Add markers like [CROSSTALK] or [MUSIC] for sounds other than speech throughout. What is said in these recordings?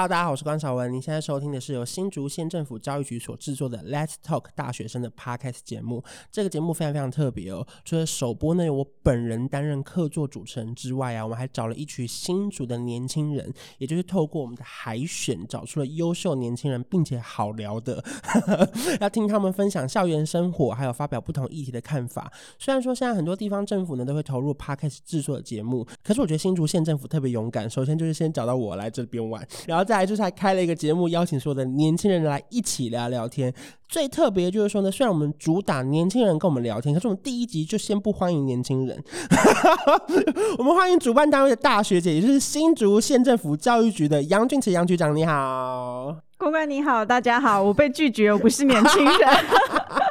哈，大家好，我是關韶文。您現在收聽的是由新竹縣政府教育局所製作的《Let's Talk 大學生》的 Podcast 節目。這個節目非常非常特別哦，除了首播呢，由我本人擔任客座主持人之外啊，我們還找了一群新竹的年輕人，也就是透過我們的海選找出了優秀年輕人，並且好聊的呵呵，要聽他們分享校園生活，還有發表不同議題的看法。雖然說現在很多地方政府呢都會投入 Podcast 製作的節目，可是我覺得新竹縣政府特別勇敢。首先就是先找到我來這邊玩，然後在就是還開了一個節目，邀請所有的年輕人來一起聊聊天。最特別就是說呢，雖然我們主打年輕人跟我們聊天，可是我們第一集就先不歡迎年輕人。 [LAUGHS] [LAUGHS] 我們歡迎主辦單位的大學姐，也就是新竹縣政府教育局的楊郡慈楊局長，你好。公關你好，大家好。我被拒絕，我不是年輕人。 [LAUGHS]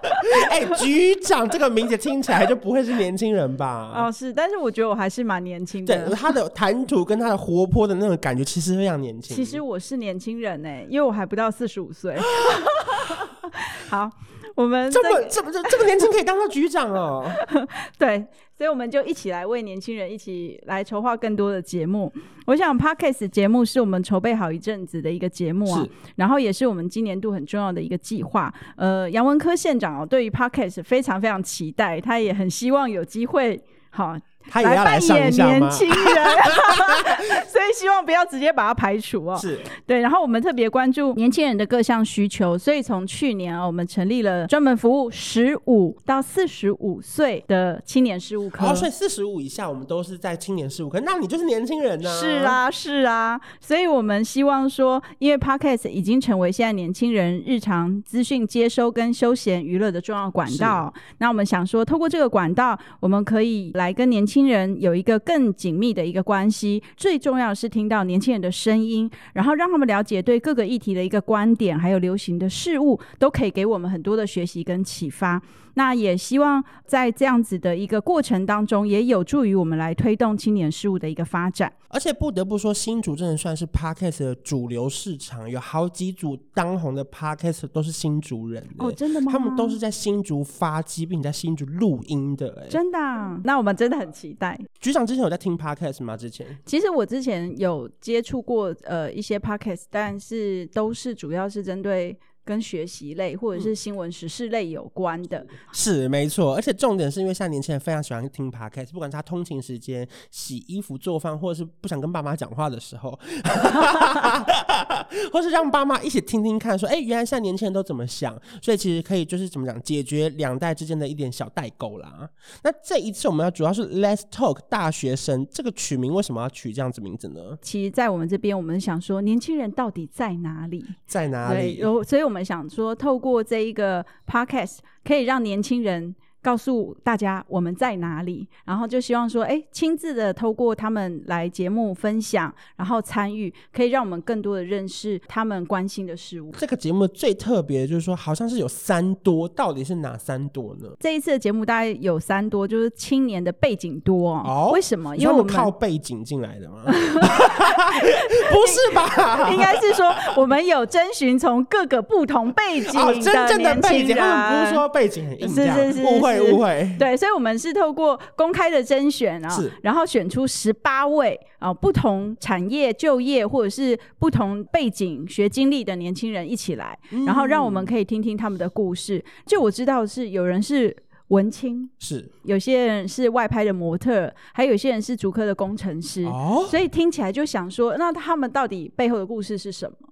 哎、 [LAUGHS] 欸，局長這個名字聽起來就不會是年輕人吧？哦，是，但是我覺得我還是蠻年輕的。對，他的談吐跟他的活潑的那種感覺，其實非常年輕。其實我是年輕人呢、欸，因為我還不到四十五歲。 [LAUGHS] [LAUGHS] 好。我們這麼這麼這麼,這麼年輕可以當到局長哦， [LAUGHS] 對，所以我們就一起來為年輕人一起來籌劃更多的節目。我想 Podcast 節目是我們籌備好一陣子的一個節目啊，是然後也是我們今年度很重要的一個計劃。呃，楊文科縣長哦、喔，對於 Podcast 非常非常期待，他也很希望有機會好。他也要來來扮演年輕人、啊， [LAUGHS] [LAUGHS] 所以希望不要直接把他排除哦，是。是對，然後我們特別關注年輕人的各項需求，所以從去年啊，我們成立了專門服務十五到四十五歲的青年事務科。哦，所以四十五以下我們都是在青年事務科，那你就是年輕人呢、啊。是啊，是啊，所以我們希望說，因為 Podcast 已經成為現在年輕人日常資訊接收跟休閒娛樂的重要的管道，是那我們想說，透過這個管道，我們可以來跟年輕。新人有一個更緊密的一個關係，最重要是聽到年輕人的聲音，然後讓他們了解對各個議題的一個觀點，還有流行的事物，都可以給我們很多的學習跟啟發。那也希望在這樣子的一個過程當中，也有助於我們來推動青年事務的一個發展。而且不得不說，新竹真的算是 podcast 的主流市場，有好幾組當紅的 podcast 都是新竹人、欸。哦，真的嗎？他們都是在新竹發跡，並且在新竹錄音的、欸。哎，真的、啊？那我們真的很期待。局長之前有在聽 podcast 嗎？之前其實我之前有接觸過呃一些 podcast，但是都是主要是針對。跟學習類或者是新聞時事類有關的，嗯、是沒錯。而且重點是因為現在年輕人非常喜歡聽 Podcast，不管他通勤時間、洗衣服、做飯，或者是不想跟爸媽講話的時候， [LAUGHS] [LAUGHS] 或是讓爸媽一起聽聽看，說“哎、欸，原來現在年輕人都怎麼想”，所以其實可以就是怎麼講，解決兩代之間的一點小代溝啦。那這一次我們要主要是 “Let's Talk 大學生”這個取名，為什麼要取這樣子名字呢？其實，在我們這邊，我們想說，年輕人到底在哪裡？在哪裡？有、呃，所以我們。想說，透過這一個 podcast，可以讓年輕人告訴大家我們在哪裡，然後就希望說，哎、欸，親自的透過他們來節目分享，然後參與，可以讓我們更多的認識他們關心的事物。這個節目最特別就是說，好像是有三多，到底是哪三多呢？這一次的節目大概有三多，就是青年的背景多、喔。哦，為什麼？因為我們，他們靠背景進來的嗎？ [LAUGHS] [LAUGHS] 不是吧？應該是說我們有徵詢從各個不同背景、哦、真正的背景，他們不是說背景很硬這樣，是是是。問問會會，對，所以我們是透過公開的甄選啊，是然後選出十八位啊，不同產業、就業或者是不同背景、學經歷的年輕人一起來，然後讓我們可以聽聽他們的故事。嗯、就我知道是有人是文青，是有些人是外拍的模特，還有有些人是竹科的工程師。哦，所以聽起來就想說，那他們到底背後的故事是什麼？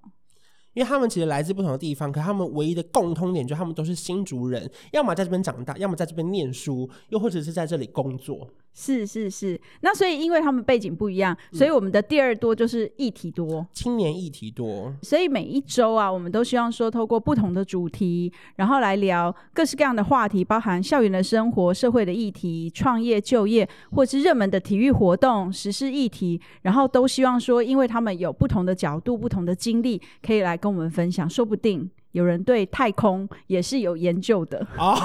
因為他們其實來自不同的地方，可他們唯一的共通點就是他們都是新竹人，要麼在這邊長大，要麼在這邊念書，又或者是在這裡工作。是是是，那所以因為他們背景不一樣，嗯、所以我們的第二多就是議題多，青年議題多。所以每一周啊，我們都希望說，透過不同的主題，然後來聊各式各樣的話題，包含校園的生活、社會的議題、創業就業，或者是熱門的體育活動、時事議題，然後都希望說，因為他們有不同的角度、不同的經歷，可以來跟我們分享，說不定。有人對太空也是有研究的哦，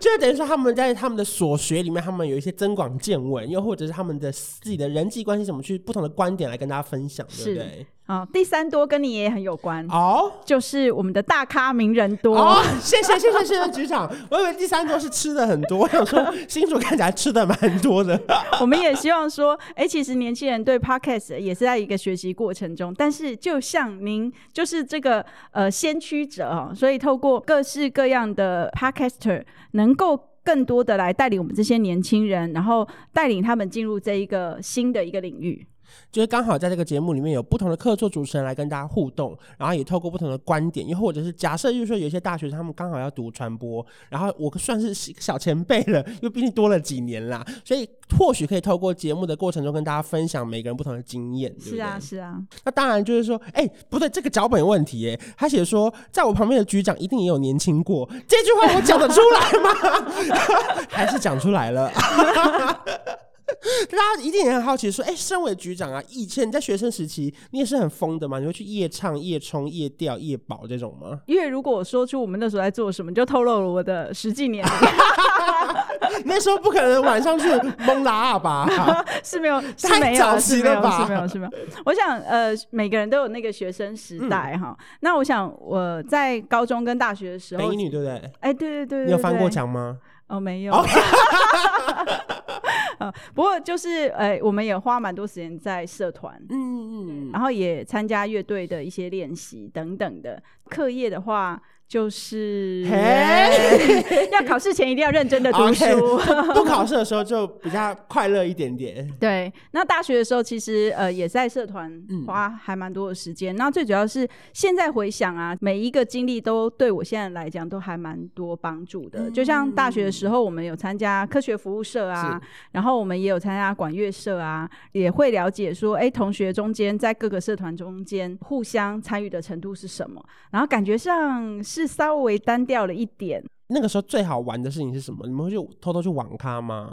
就等於說，他們在他們的所學裡面，他們有一些增廣見聞，又或者是他們的自己的人際關係怎麼去不同的觀點來跟大家分享，是對不對？啊、哦，第三多跟你也很有關哦，Oh? 就是我們的大咖名人多啊、Oh。謝謝謝謝謝謝 [LAUGHS] 局長，我以為第三多是吃的很多，我有說新竹看起來吃的蠻多的。 [LAUGHS] 我們也希望說，欸、其實年輕人對 Podcast 也是在一個學習過程中，但是就像您就是這個呃先驅者哦，所以透過各式各樣的 Podcaster，能夠更多的來帶領我們這些年輕人，然後帶領他們進入這一個新的一個領域。就是剛好在這個節目裡面有不同的客座主持人來跟大家互動，然後也透過不同的觀點，又或者是假設，就是說有些大學生他們剛好要讀傳播，然後我算是小前輩了，又畢竟多了幾年啦，所以或許可以透過節目的過程中跟大家分享每個人不同的經驗。對不對？是啊，是啊。那當然就是說，哎、欸，不對，這個腳本有問題哎、欸，他寫說，在我旁邊的局長一定也有年輕過，這句話我講得出來嗎？ [LAUGHS] [LAUGHS] 還是講出來了？ [LAUGHS] 大家一定也很好奇，說，哎，身為局長啊，以前你在學生時期，你也是很瘋的嗎？你會去夜唱、夜衝、夜釣、夜跑這種嗎？因為如果我說出我們那時候在做什麼，就透露了我的十幾年。那時候不可能晚上去蒙拉吧？是沒有，太早期了吧，是沒有，是沒有。我想，呃，每個人都有那個學生時代哈。那我想我在高中跟大學的時候，美女對不對？哎，對對對，你有翻過牆嗎？哦，沒有。呃、 [NOISE] 嗯，不過就是，呃、哎，我們也花蠻多時間在社團，嗯嗯，然後也參加樂隊的一些練習等等的，課業的話，就是 yeah, Hey? [LAUGHS] 要考試前一定要認真的讀書，Okay, [LAUGHS] 不考試的時候就比較快樂一點點。對，那大學的時候其實呃也在社團花還蠻多的時間。那、嗯、最主要是現在回想啊，每一個經歷都對我現在來講都還蠻多幫助的。嗯、就像大學的時候，我們有參加科學服務社啊，是然後我們也有參加管樂社啊，也會了解說，哎、欸，同學中間在各個社團中間互相參與的程度是什麼，然後感覺上。是稍微單調了一點。那個時候最好玩的事情是什麼？你們會去偷偷去網咖嗎？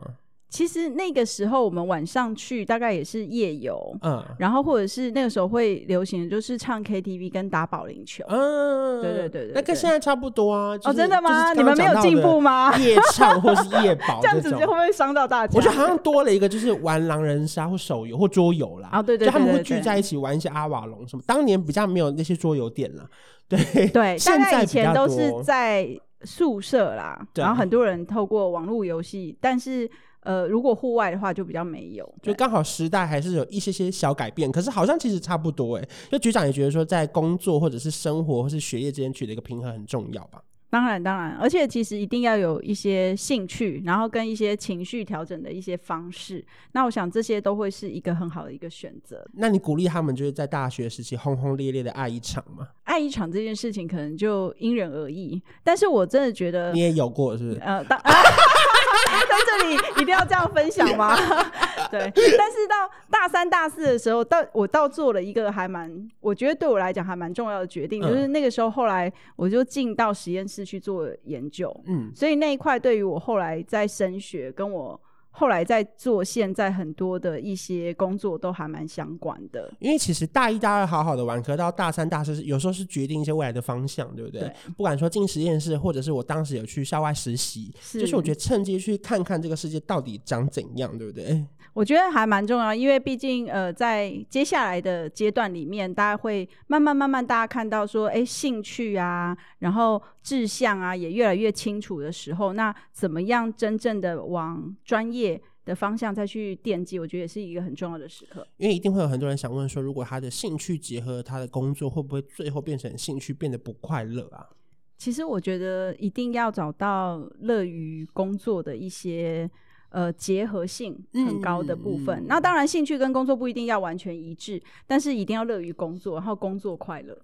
其實那個時候我們晚上去大概也是夜遊，嗯，然後或者是那個時候會流行的就是唱 KTV 跟打保齡球，嗯，對對，對對對對，那跟現在差不多啊，就是，哦真的嗎？你們沒有進步嗎？夜唱或是夜保，這樣子就會不會傷到大家？我覺得好像多了一個，就是玩狼人殺或手遊或桌遊啦，啊、哦、對，對，對，對，對對，就他們會聚在一起玩一些阿瓦隆什麼。當年比較沒有那些桌遊店了，對對，現在大概以前都是在宿舍啦，然後很多人透過網絡遊戲，但是。呃，如果戶外的話就比較沒有，就剛好時代還是有一些些小改變，對可是好像其實差不多哎。就局長也覺得說，在工作或者是生活或者是學業之間取得一個平衡很重要吧。當然，當然，而且其實一定要有一些興趣，然後跟一些情緒調整的一些方式。那我想這些都會是一個很好的一個選擇。那你鼓勵他們就是在大學時期轟轟烈烈的愛一場嗎？愛一場這件事情可能就因人而異，但是我真的覺得你也有過，是不是？呃，當。 [LAUGHS] [LAUGHS] [LAUGHS] 在這裡一定要這樣分享嗎？ [LAUGHS] 對，但是到大三、大四的時候，到我倒做了一個還蠻，我覺得對我來講還蠻重要的決定，嗯、就是那個時候後來我就進到實驗室去做研究，嗯，所以那一塊對於我後來在升學跟我。後來在做現在很多的一些工作都還蠻相關的，因為其實大一、大二好好的玩，可到大三、大四有時候是決定一些未來的方向，對不對？對，不管說進實驗室，或者是我當時有去校外實習，是，就是我覺得趁機去看看這個世界到底長怎樣，對不對？我覺得還蠻重要，因為畢竟呃，在接下來的階段裡面，大家會慢慢慢慢，大家看到說，哎、欸，興趣啊，然後。志向啊，也越來越清楚的時候，那怎麼樣真正的往專業的方向再去奠基？我覺得也是一個很重要的時刻。因為一定會有很多人想問說，如果他的興趣結合他的工作，會不會最後變成興趣變得不快樂啊？其實我覺得一定要找到樂於工作的一些呃結合性很高的部分。嗯，那當然，興趣跟工作不一定要完全一致，但是一定要樂於工作，然後工作快樂。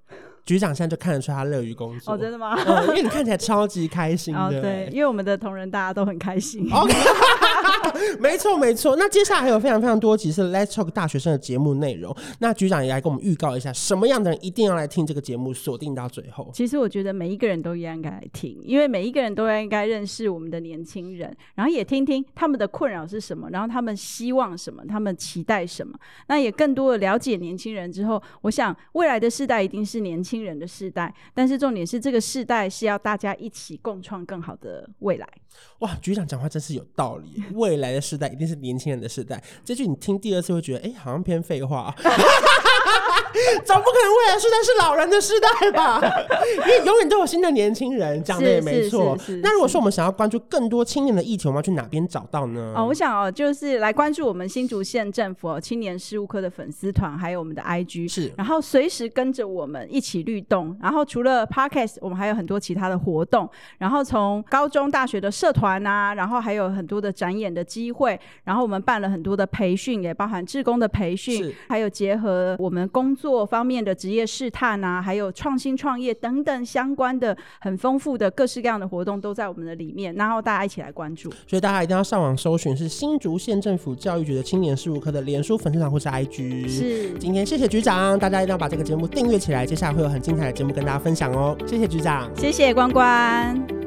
局長現在就看得出他樂於工作哦，oh, 真的嗎？因為你看起來超級開心哦，對，oh, 對，因為我們的同仁大家都很開心。 [LAUGHS] [LAUGHS] [LAUGHS] 沒錯，沒錯。那接下來還有非常非常多集是 Let's Talk 大學生的節目內容。那局長也來跟我們預告一下，什麼樣的人一定要來聽這個節目，鎖定到最後。其實我覺得每一個人都應該來聽，因為每一個人都應該認識我們的年輕人，然後也聽聽他們的困擾是什麼，然後他們希望什麼，他們期待什麼。那也更多的了解年輕人之後，我想未來的世代一定是年輕。新人的世代，但是重點是這個世代是要大家一起共創更好的未來。哇，局長講話真是有道理，未來的世代一定是年輕人的世代。這句你聽第二次會覺得，哎、欸，好像偏廢話。 [LAUGHS] [LAUGHS] 總 [LAUGHS] 不可能未來世代是老人的世代吧？因為永遠都有新的年輕人，講的也沒錯。那如果說我們想要關注更多青年的議題，我們要去哪邊找到呢？哦，我想哦，就是來關注我們新竹縣政府、哦、青年事務科的粉絲團，還有我們的 IG。是，然後隨時跟着我們一起律動。然後除了 Podcast，我們還有很多其他的活動。然後從高中、大學的社團啊，然後還有很多的展演的機會。然後我們辦了很多的培訓，也包含志工的培訓，是還有結合我們工做方面的職業試探啊，還有創新創業等等相關的很豐富的各式各樣的活動，都在我們的裡面。然後大家一起來關注，所以大家一定要上網搜尋是新竹縣政府教育局的青年事務科的臉書粉絲團或是 IG。是，今天謝謝局長，大家一定要把這個節目訂閱起來，接下來會有很精彩的節目跟大家分享哦、喔。謝謝局長，謝謝關關。